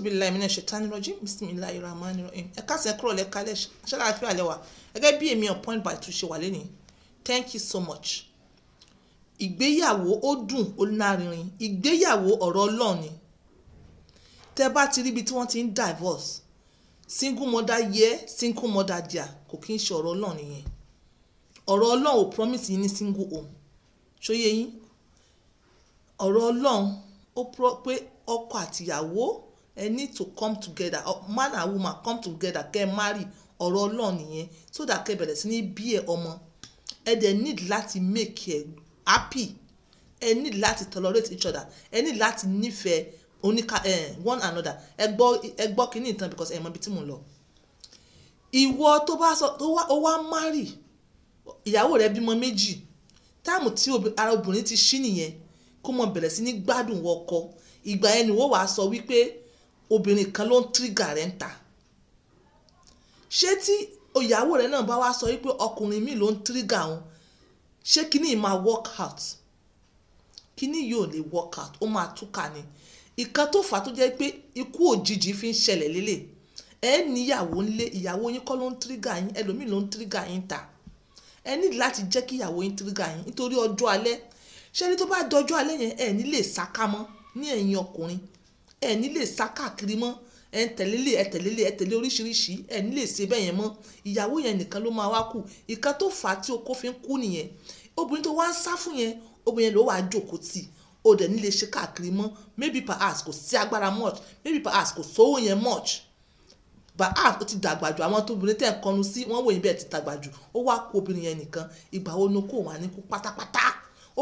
auzubillahi minash shaitani rajim bismillahir rahmanir rahim ẹ káàsán kúrò lẹ́ka lẹ́ ṣáláàfin àlẹ́ wa gẹ́gẹ́ bí èmi on point by two ṣe wà lẹ́nìí thank you so much ìgbéyàwó ó dùn ó lárinrin ìgbéyàwó ọ̀rọ̀ ọlọ́run ni tẹ́ bá ti ríbi tí wọ́n ti ń divorce single mother year single mother dia. kò kí ń ṣe ọ̀rọ̀ ọlọ́run nìyẹn ọ̀rọ̀ ọlọ́run ò promise yín ní single home ṣóyé yín ọ̀rọ̀ ọlọ́run ó pé ọkọ àtìyàwó ẹ need to come together man and woman come together kẹ́ ẹ marry ọ̀rọ̀ ọlọ́run nìyẹn so that kẹ́ ẹ bẹ̀rẹ̀ sí ní bí ẹ ọmọ ẹ dẹ̀ need láti make ẹ happy ẹ need láti tolerate each other ẹ need láti nífẹ̀ẹ́ oníka one another ẹ gbọ́ ẹ gbọ́ kínní ìtàn because ẹ mọ ibi tí mo lọ ìwọ tó bá sọ tó wá ó wá marry ìyàwó rẹ bímọ méjì táàmù tí ara obìnrin ti ṣí nìyẹn kó mọ bẹ̀rẹ̀ sí ní gbádùn wọkọ ìgbà yẹn ni wọ́n wàá sọ wípé obìnrin kan ló ń tírígà rẹ̀ ń ta ṣé tí ìyàwó rẹ̀ náà bá wá sọ wípé ọkùnrin mi ló ń tírígà òun ṣé kíní yìí máa work out kíní yìí ò lè work out ó máa túkà ni ìkan tó fà á tó jẹ́ pé ikú òjijì fi ń ṣẹlẹ̀ lélẹ̀ ẹ níyàwó ńlé ìyàwó yín kọ́ ló ń tírígà yín ẹlòmíì ló ń tírígà yín ta ẹ ní láti jẹ́ kí ìyàwó yín tírígà yín nítorí ọjọ́ alẹ́ ṣẹ́ni tó bá dọjọ́ alẹ́ yẹn ẹ ní lè sáká mọ́ ní ẹ̀yìn ọkùnrin ẹ̀ní lè sá káàkiri mọ́ ẹ̀ ń tẹ̀lélé ẹ̀ tẹ̀lélé ẹ̀ tẹ̀lé oríṣiríṣi ẹ̀ní lè ṣe bẹ́ẹ̀ yẹn mọ́ ìyàwó yẹn nìkan ló máa wá kù ìkan tó fà á tí okó fi ń kú nìyẹn obìnrin tó wá ń sá fún yẹn obìnrin ló wà á jókòó tì ó dẹ̀ ní ṣe káàkiri mọ́ maybe perhaps kò sí agbára much maybe perhaps kò sówó yẹn much perhaps ó ti dàgbà jù àwọn tó obìnrin tẹ̀ ń kọnu sí wọ́n wòye bẹ́ẹ̀ ti dàgbà jù ó wá kó obìnrin yẹn nìkan ìgbà wo ni okó wà ní kú pátápátá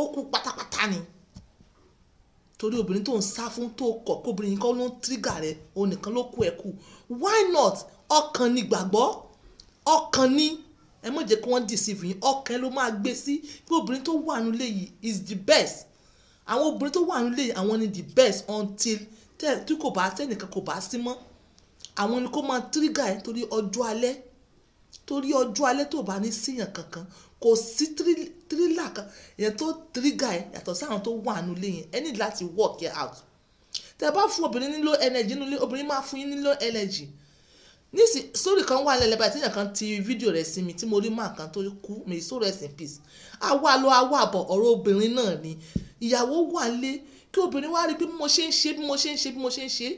ó kú pátápátá ni torí obìnrin tó ń sá fún tó kọ̀ kóbìnrin yìí kọ́ ló ń tírígà rẹ̀ òun nìkan ló kú ẹ̀ kú why not ọkàn ni gbàgbọ́ ọkàn ni ẹ má jẹ́ kí wọ́n deceive yín ọkàn ló máa gbé sí pé obìnrin tó wà nílé yìí is the best àwọn obìnrin tó wà nílé yìí àwọn ni the best until tí kò bá sẹ́nìkan kò bá sí mọ́ àwọn ni kó máa tírígà ẹ torí ọjọ́ alẹ́ torí ọjọ́ alẹ́ tó bá ní síyàn kankan kò sí tírígà tírílà kan ìyẹn tó tírígà ẹ yàtọ̀ sáwọn tó wà nù lé yẹn ẹ ní láti work it out tẹ bá fún obìnrin ní low energy nílé obìnrin máa fún yín ní low energy nísì sórí kan wà lẹ́lẹ́ báyìí tíyàn kan ti fídíò rẹ̀ sí mi tí mo rí máa kan tó kú mi so rest in peace àwa lọ àwa àbọ̀ ọ̀rọ̀ obìnrin náà ni ìyàwó wà lé kí obìnrin wá rí bí mo ṣe ń ṣe bí mo ṣe ń ṣe bí mo ṣe ń ṣe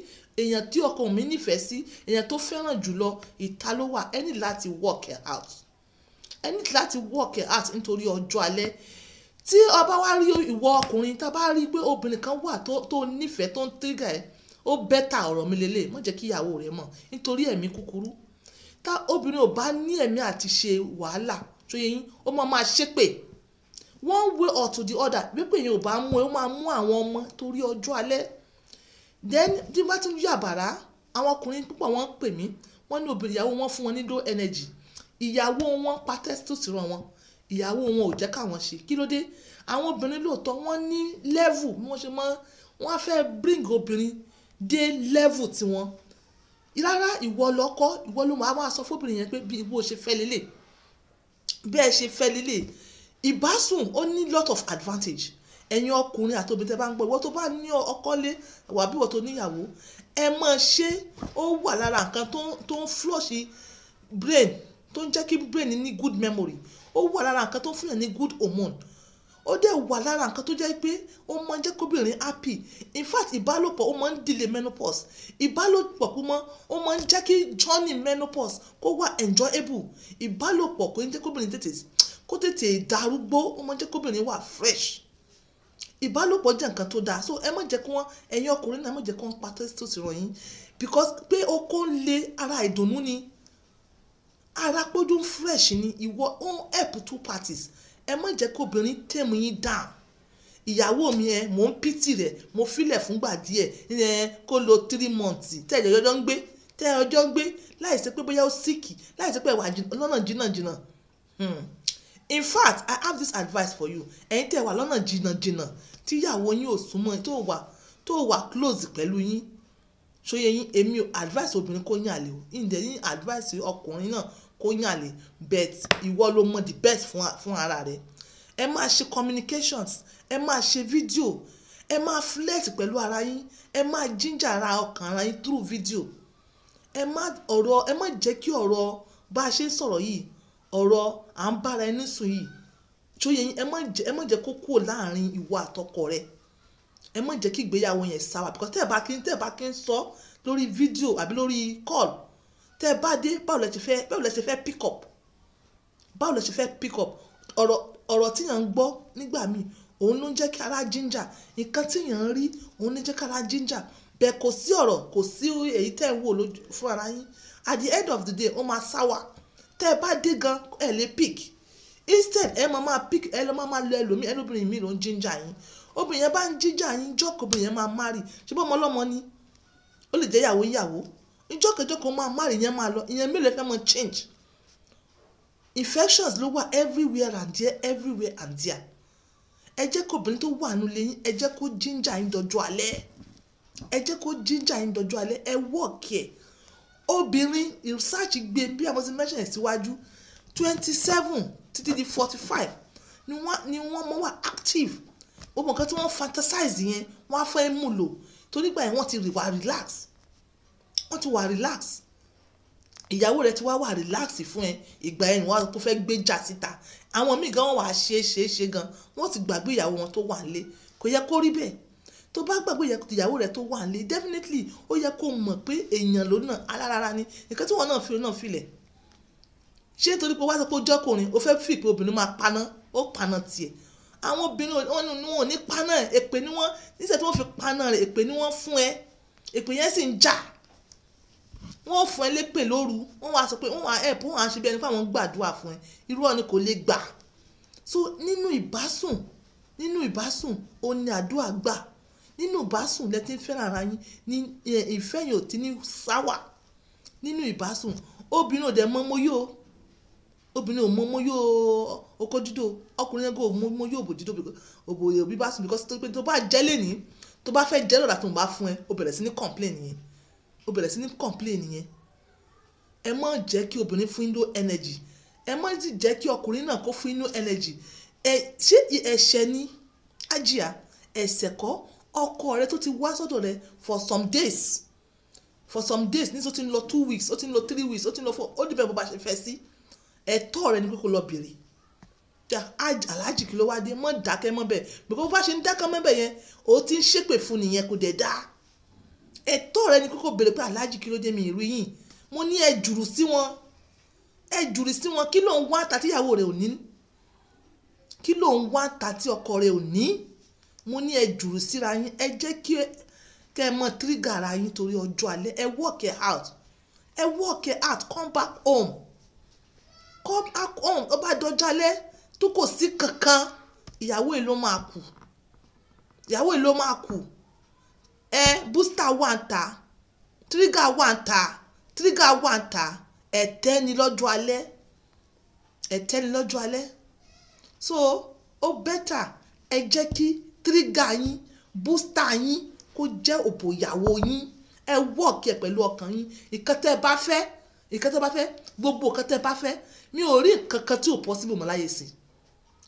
èèyàn tí ọkọ mi nífẹ̀ẹ́ sí èèyàn tó fẹ́ràn jùlọ ìta ló wà ẹni láti work it out ẹ ní láti work it out nítorí ọjọ́ alẹ́ tí ọba wa rí ìwọ ọkùnrin tá a bá rí i pé obìnrin kan wà tó nífẹ̀ẹ́ tó ń tírígà ẹ̀ ó bẹ́tà ọ̀rọ̀ mi lélẹ̀ má jẹ́ kí ìyàwó rẹ̀ mọ̀ nítorí ẹ̀mí kúkúrú tá obìnrin ò bá ní ẹ̀mí àti ṣe wàhálà tó yẹ yín ó máa máa ṣépè one way or to the other wípé èèyàn ò bá mú ẹ ó máa mú àwọn ọmọ torí ọjọ́ alẹ́ then bí wọ́n ti ń yàbàrá àwọn ọkùnrin púpọ̀ wọ́n pè mí wọ́n ní obìnrin ìyàwó wọn fún wọn ní low energy ìyàwó wọn pa testus rán wọn ìyàwó wọn ò jẹ́ káwọn ṣe kí ló dé àwọn obìnrin lóòótọ́ wọ́n ní level bí wọ́n ṣe mọ́ wọ́n á fẹ́ bring obìnrin dé level tiwọn rárá ìwọ lọ́kọ ìwọ ló máa máa sọ fóbìnrin yẹn pé bí ìwọ ṣe fẹ́ lélẹ̀ bẹ́ẹ̀ ṣe fẹ́ lélẹ̀ ìbásùn ó ní lot of advantage ẹ̀yin ọkùnrin àti obìnrin tẹ́ bá ń gbọ́ ìwọ tó bá ní ọkọ lé wà bí ìwọ tó níyàwó ẹ máa ṣe ó wà lára nǹkan tó ń flush brain tó ń jẹ́ kí brain ní good memory ó wà lára nǹkan tó fún ní good hormone ó dẹ̀ wà lára nǹkan tó jẹ́ pé ó máa ń jẹ́ kóbìnrin happy in fact ìbálòpọ̀ ó máa ń delay menopause ìbálòpọ̀ kó mọ́ ó máa ń jẹ́ kí journey menopause kó wà enjoyable ìbálòpọ̀ kò ń jẹ́ kóbìnrin tètè kó tètè darúgbó ó máa ń jẹ́ kóbìnrin wà fresh ìbálòpọ̀ jẹ́ nǹkan tó dáa so ẹ má jẹ́ kí wọ́n ẹ̀yin ọkùnrin náà ẹ má jẹ́ kí wọ́n pa testosterone yín because pé okó ń le ara ìdùnnú ni arápójú fresh ni ìwọ ó ń help two parties ẹ má jẹ́ kó obìnrin tẹ̀mù yín down ìyàwó mi ẹ mò ń pìtì rẹ mo filẹ̀ fúngbà díẹ̀ ẹ kó lo three months tẹ̀lé ọjọ́ ń gbé tẹ̀lé ọjọ́ ń gbé láì ṣe pé bóyá ó síkì láì ṣe pé ìwà lọ́nà jìnnàjìnnà hmm. in fact i have this advice for you ẹ̀yin tẹ̀ wà lọ́nà jìnnàjìnnà tíyàwó yín ò súnmọ́ tó wà tó wà close pẹ̀lú yín ṣóyẹ yín èmi ò advice obìnrin kó yàn àlè o ǹjẹ́ yín advice ọkùnrin náà kó yàn àlè but ìwọ ló mọ the best fún, fún ara rẹ ẹ máa ṣe communications ẹ máa ṣe fídíò ẹ máa flex pẹ̀lú ara yín ẹ máa ginger ara ọkàn ara yín through video ẹ má ọ̀rọ̀ ẹ má jẹ́ kí ọ̀rọ̀ bá a ṣe ń sọ̀rọ̀ yìí ọ̀rọ̀ à ń bára ẹni sùn yìí ṣóyẹ yín ẹ má jẹ́ kó kúrò láàrin ìwọ àtọkọ rẹ̀ ẹ má jẹ́ kí ìgbéyàwó yẹn sá wa because tẹ́ ẹ bá kí tẹ́ ẹ bá kí ń sọ lórí fídíò àbí lórí call tẹ́ ẹ bá dé báwo lẹ ṣe fẹ́ báwo lẹ ṣe fẹ́ pick up báwo lẹ ṣe fẹ́ pick up ọ̀rọ̀ ọ̀rọ̀ tí yàn ń gbọ́ nígbà míì òun ló ń jẹ́ kí ara ginger nǹkan tí yàn ń rí òun ló ń jẹ́ kí ara ginger bẹ́ẹ̀ kò sí ọ̀rọ̀ kò sí èyí tẹ́ ẹ ń wò fún ara yín at the end of the day ó máa sá wa tẹ́ ẹ bá dé gan ẹ lè pick instead ẹ máa máa pick ẹ lọ́ máa máa lọ ẹlòmíì ẹlòmíì mi ló ń ginger yín obìnrin bá ń jíjà yín ijọ́ obìnrin yẹn ọmọ ọlọ́mọ ni ó lè jẹ́ ìyàwó ìyàwó ijọ́ kẹjọ́ kan máa máa lọ ìyẹn mélòó fẹ́ mọ change infections ló wà everywhere and there everywhere and there ẹ obìnrin tó wà nù ẹ jẹ́ yín alẹ́ ẹ jẹ́ yín alẹ́ ẹ obìnrin research gbé bí àwọn ti active gbogbo nǹkan tí wọ́n fantasize yẹn wọ́n á fẹ́ mú lò torí gbà yẹn wọ́n ti wà relax wọ́n ti wà relax ìyàwó rẹ ti wá wà relax fún ẹ ìgbà ẹ̀yìn wọn kò fẹ́ gbé jà síta àwọn míì gan wọn wà ṣe é gan wọ́n ti gbàgbé ìyàwó wọn tó wà nílé kò yẹ kó rí bẹ́ẹ̀ tó bá gbàgbé ìyàwó rẹ tó wà nílé definitely ó yẹ kó mọ̀ pé èèyàn ló náà alárara ni nǹkan tí wọn náà fi náà filẹ̀ ṣé nítorí pé wá sọ pé ó jọkùnrin ó fẹ́ fi pé obìnrin máa paná ó paná tiẹ̀ àwọn obìnrin wọn ni wọn ò ní paná ẹ̀ èpè ni wọ́n níṣẹ́ tí wọ́n fi paná rẹ̀ èpè ni wọ́n fún ẹ èpè yẹn sì ń jà wọ́n fún ẹ lépè lóru wọ́n wá sọ pé wọ́n wá ẹ̀pù wọ́n á ṣe bí ẹni pé àwọn gbàdúrà fún ẹ irú ọ̀ ni kò lè gbà so nínú ìbásùn nínú ìbásùn ó ní àdúrà gbà nínú ìbásùn lẹ ti ń fẹ́ràn ara yín ní ìfẹ́ yìí ò ti ní sáwà nínú ìbásùn obìnrin ò dẹ̀ mọ́ mọ́ yóò obìnrin ò mọ ọmọ yóò ọkọ dídò ọkùnrin yẹn kò mọ ọmọ yóò bò dídò òbò yóò bí bá sùn because tó pé tó bá jẹ́ lẹ́nìí tó bá fẹ́ jẹ́ lọ́dà tó ń bá fún ẹ o bẹ̀rẹ̀ sí ní complain yẹn o bẹ̀rẹ̀ sí ní complain yẹn ẹ má jẹ́ kí obìnrin fún inú energy ẹ má sì jẹ́ kí ọkùnrin náà kó fún inú energy ẹ ṣé ẹ̀ṣẹ̀ ni ajia ẹ̀ṣẹ̀ kọ́ ọkọ rẹ tó ti wá sọ́dọ̀ rẹ for some days for some days ní tó ti ń lọ two weeks ó ti ń lọ three weeks ó ti ń lọ four ó dìbẹ̀ bó ba ṣe fẹ́ sí. Si ẹ̀tọ́ rẹ ni pé kó lọ bèrè aláàjì kí ló wá dé mọ́ dákẹ́ mọ́ bẹ́ẹ̀ gbogbo bá ṣe ń dákẹ́ mọ́ bẹ́ẹ̀ yẹn ó ti ń ṣépè fún nìyẹn kò dẹ̀ dá ẹ̀tọ́ rẹ ni pé kó bèrè pé aláàjì kí ló dé mi ìrú yìí mo ní ẹ jùrù sí wọn ẹ jùrù sí wọn kí ló ń wá tàtíyàwó rẹ ò ní kí ló ń wá tàtí ọkọ rẹ ò ní mo ní ẹ síra yín ẹ jẹ́ kí ẹ mọ tírígà ara yín torí ọjọ́ alẹ́ ẹ work out ẹ work out come back home come back home ó bá dọjálẹ́ tó kò sí kankan ìyàwó yìí ló máa kù ìyàwó yìí máa kù ẹ booster wà ń ta trigger wà ń ta trigger wà ń ta ẹ̀tẹ́ ni lọ́jọ́ alẹ́ ẹ̀tẹ́ ni lọ́jọ́ alẹ́ so ó bẹ́tà ẹ jẹ́ kí trigger yín booster yín kó jẹ́ òbò ìyàwó yín ẹ wọ́ọ̀kì ẹ̀ pẹ̀lú ọkàn yín ìkan tẹ́ ẹ bá fẹ́ ìkan tẹ́ ẹ bá fẹ́ gbogbo ìkan bá fẹ́ mi ò rí kankan tí ò possible mọ́ láyé sí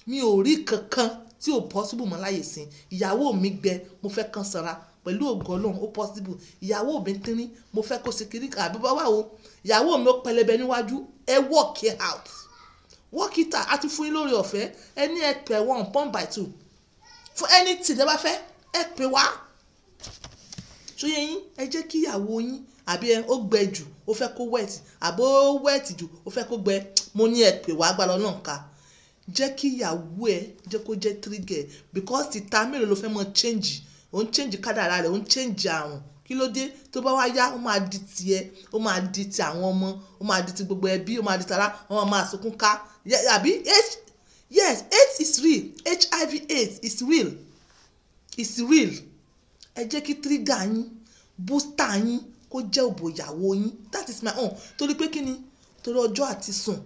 mi ò rí kankan tí ò possible mọ́ láyé sí ìyàwó mi gbẹ mo fẹ́ kan sanra pẹ̀lú ògo ọlọ́run ó possible ìyàwó mi tínrín mo fẹ́ kó ṣe kiri àbí báwa o ìyàwó mi ó pẹlẹbẹ níwájú ẹ work it out work it out àti fún yín lórí ọ̀fẹ́ ẹ ní ẹ pẹ̀ one pound by two fún anything ẹ bá fẹ́ ẹ pè wá ṣóyẹ yín ẹ jẹ́ kí ìyàwó yín àbí ẹ ó gbẹ jù ó fẹ́ kó wet àbó wet jù ó fẹ́ kó gbẹ mo ní ẹ pè wá agbára náà ká jẹ́ kí ìyàwó ẹ jẹ́ kó jẹ́ trigger because ìta mélòó ló fẹ́ mọ change ó ń change kádàrá rẹ̀ ó ń change àrùn kí ló dé tó bá wá yá ó máa di tiẹ̀ ó máa di ti àwọn ọmọ ó máa di ti gbogbo ẹbí ó máa di tara wọn máa sunkún ká àbí yes AIDS is real HIV AIDS is real is real ẹ jẹ́ kí trigger yín booster yín kó jẹ́ òbò ìyàwó yín that is my own torí pé kí ni torí ọjọ́ àti sùn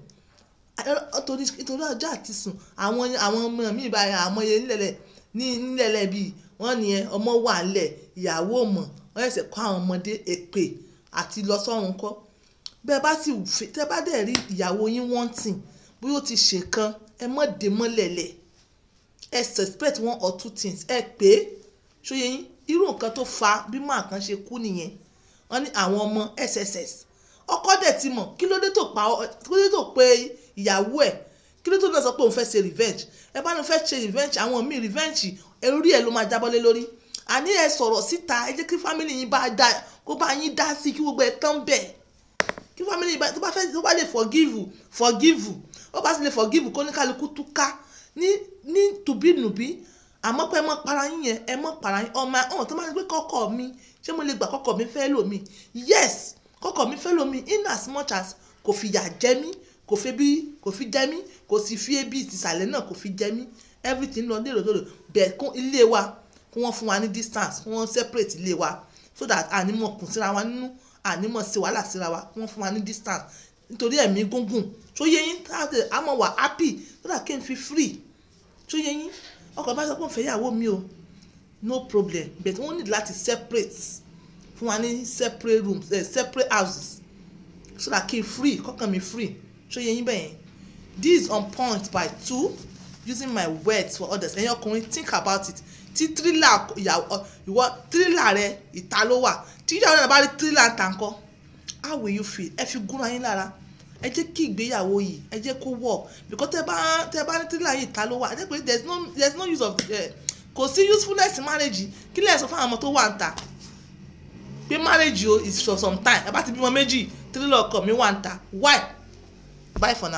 torí torí ọjọ́ àti sùn àwọn àwọn ọmọ mi báyìí àwọn yẹn nílẹ̀lẹ̀ ní nílẹ̀lẹ̀ bíi wọ́n ní ẹ ọmọ wà lẹ̀ ìyàwó mọ̀ wọ́n ẹ̀sẹ̀ kọ́ àwọn ọmọdé èpè àti lọ sọ́run kọ́ bẹ́ẹ̀ bá sì tẹ́ bá dẹ̀ rí ìyàwó yín wanting bí ó ti ṣe kan ẹ mọ̀ dé mọ́lẹ̀lẹ̀ ẹ suspect one or two things ẹ pé ṣóyẹ yín irú nǹkan tó fa bí máa kan ṣe kú nìyẹn wọ́n ní àwọn ọmọ sss ọkọ dẹ̀ ti mọ̀ kí ló dé tó pa kí ló dé tó pe ìyàwó ẹ̀ kí ló tó bẹ̀ sọ pé òun fẹ́ ṣe revenge ẹ bá ní fẹ́ ṣe revenge àwọn míì revenge orí ẹ̀ ló máa jábọ́lé lórí àní ẹ sọ̀rọ̀ síta ẹ jẹ́ kí family yín bá dá kó bá yín dá sí kí gbogbo ẹ̀ tán bẹ̀ kí fámìlì yín tó bá fẹ́ tó bá lè forgive forgive ó bá sì lè forgive kó ní kálukú túká ní ní tùbínùbí àmọ́ pé ẹ mọ́ para yín yẹn ẹ mọ́ para yín ọmọ ọ̀hún tó máa ń gbé kọ́kọ́ mi ṣé mo lè gbà kọ́kọ́ mi fẹ́ lò mí yes kọ́kọ́ mi fẹ́ lò in as much as kò fìyà jẹ mí kò fi bí kò fi jẹ mí kò sì fi ebi ìsàlẹ̀ náà kò fi jẹ mí everything lọ lérò lórò bẹ́ẹ̀ kún ilé wa kí wọ́n fún wa ní distance kí wọ́n separate ilé wa so that ànímọ̀ kùn síra wa nínú ànímọ̀ sí wàhálà síra wa kí wọ́n fún wa ní distance nítorí ẹ̀mí gúngùn tó yẹ yín káàdì àmọ́ wà happy so that kéèmí fi free tó yẹ yín ọkọ bá sọ pé òun fẹ́ yàwó mi o no problem but wọ́n need láti separate fún wa ní separate rooms eh, separate houses so that kí n free kọ́kàn mi free ṣó yẹ this is on point by two using my words for others ẹ̀yin ọkùnrin think about it tí tírélà ìwọ tírélà rẹ ìta ló wà tí ìyàwó rẹ bá rí tírélà ta nǹkan how will you feel ẹ fi gúnra yín lára ẹ jẹ́ kí ìgbéyàwó yìí ẹ jẹ́ kó work because tẹ bá ní tírélà yìí ìta ló wà ẹ jẹ́ pé there is no there no use of eh, kò sí usefulness marriage kí lè sọ fún àwọn ọmọ tó wà ń ta pé marriage o is for some time ẹ bá ti bímọ méjì tírélà ọkọ mi wà ń ta why Bye for now.